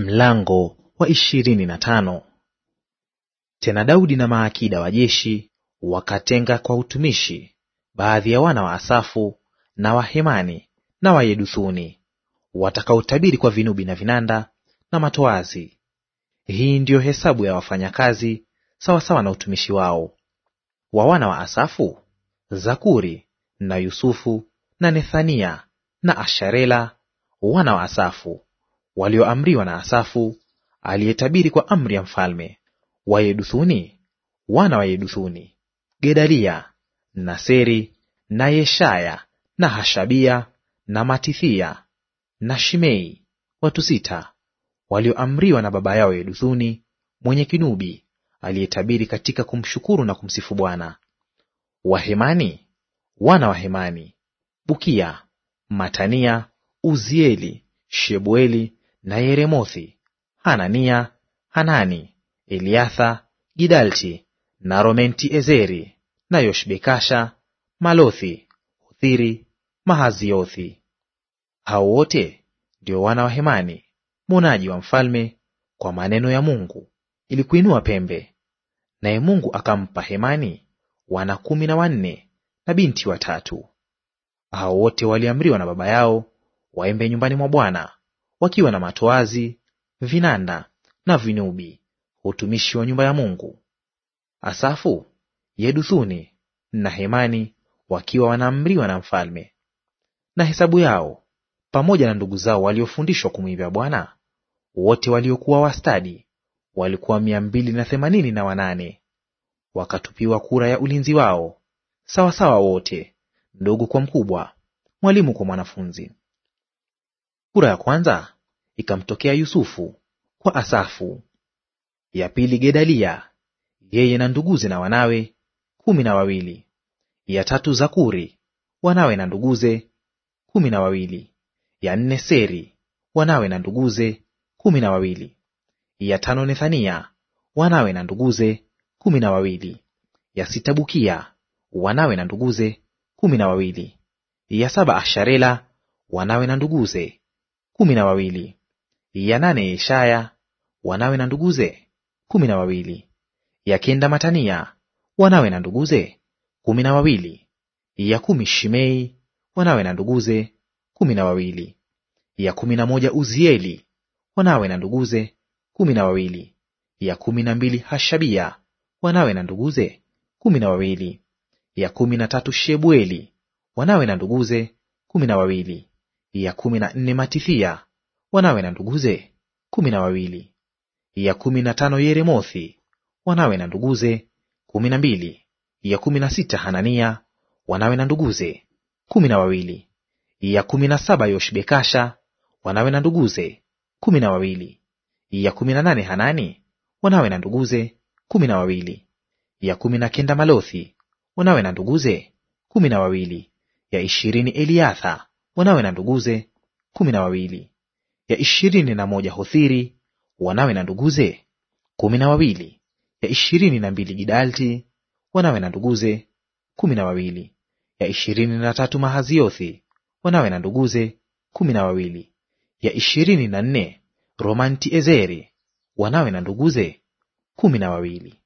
Mlango wa ishirini na tano. Tena Daudi na maakida wa jeshi wakatenga kwa utumishi baadhi ya wana wa Asafu na wa Hemani na wa Yeduthuni watakaotabiri kwa vinubi na vinanda na matoazi. Hii ndiyo hesabu ya wafanyakazi sawasawa na utumishi wao. Wa wana wa Asafu, Zakuri na Yusufu na Nethania na Asharela wana wa Asafu walioamriwa na Asafu aliyetabiri kwa amri ya mfalme; wa Yeduthuni, wana wa Yeduthuni, Gedalia na Seri na Yeshaya na Hashabia na Matithia na Shimei, watu sita walioamriwa na baba yao Yeduthuni mwenye kinubi, aliyetabiri katika kumshukuru na kumsifu Bwana. Wahemani, wana wa Hemani, Bukia, Matania, Uzieli, Shebueli na Yeremothi, Hanania, Hanani, Eliatha, Gidalti na Romenti Ezeri na Yoshbekasha, Malothi, Uthiri, Mahaziothi. Hao wote ndio wana wa Hemani mwonaji wa mfalme kwa maneno ya Mungu ili kuinua pembe. Naye Mungu akampa Hemani wana kumi na wanne na binti watatu. Hao wote waliamriwa na baba yao waembe nyumbani mwa Bwana wakiwa na matoazi, vinanda na vinubi, utumishi wa nyumba ya Mungu. Asafu, Yeduthuni na Hemani wakiwa wanaamriwa na mfalme. Na hesabu yao pamoja na ndugu zao waliofundishwa kumwimbia Bwana wote waliokuwa wastadi walikuwa mia mbili na themanini na wanane. Wakatupiwa kura ya ulinzi wao sawasawa wote, ndugu kwa mkubwa, mwalimu kwa mwanafunzi. Kura ya kwanza ikamtokea Yusufu kwa Asafu; ya pili Gedalia, yeye na nduguze na wanawe kumi na wawili; ya tatu Zakuri, wanawe na nduguze kumi na wawili; ya nne Seri, wanawe na nduguze kumi na wawili; ya tano Nethania, wanawe na nduguze kumi na wawili; ya sita Bukia, wanawe na nduguze kumi na wawili; ya saba Asharela, wanawe na nduguze kumi na wawili ya nane Yeshaya wanawe na nduguze kumi na wawili ya kenda Matania wanawe na nduguze kumi na wawili ya kumi Shimei wanawe na nduguze kumi na wawili ya kumi na moja Uzieli wanawe na nduguze kumi na wawili ya kumi na mbili Hashabia wanawe na nduguze kumi na wawili ya kumi na tatu Shebueli wanawe na nduguze kumi na wawili ya kumi na nne Matithia wanawe na nduguze kumi na wawili. Ya kumi na tano Yeremothi wanawe na nduguze kumi na mbili. Ya kumi na sita Hanania wanawe na nduguze kumi na wawili. Ya kumi na saba Yoshbekasha wanawe na nduguze kumi na wawili. Ya kumi na nane Hanani wanawe na nduguze kumi na wawili. Ya kumi na kenda Malothi wanawe na nduguze kumi na wawili. Ya ishirini Eliatha wanawe na nduguze kumi na wawili. Ya ishirini na moja Hothiri, wanawe na nduguze kumi na wawili. Ya ishirini na mbili Gidalti, wanawe na nduguze kumi na wawili. Ya ishirini na tatu Mahaziothi, wanawe na nduguze kumi na wawili. Ya ishirini na nne Romanti Ezeri, wanawe na nduguze kumi na wawili.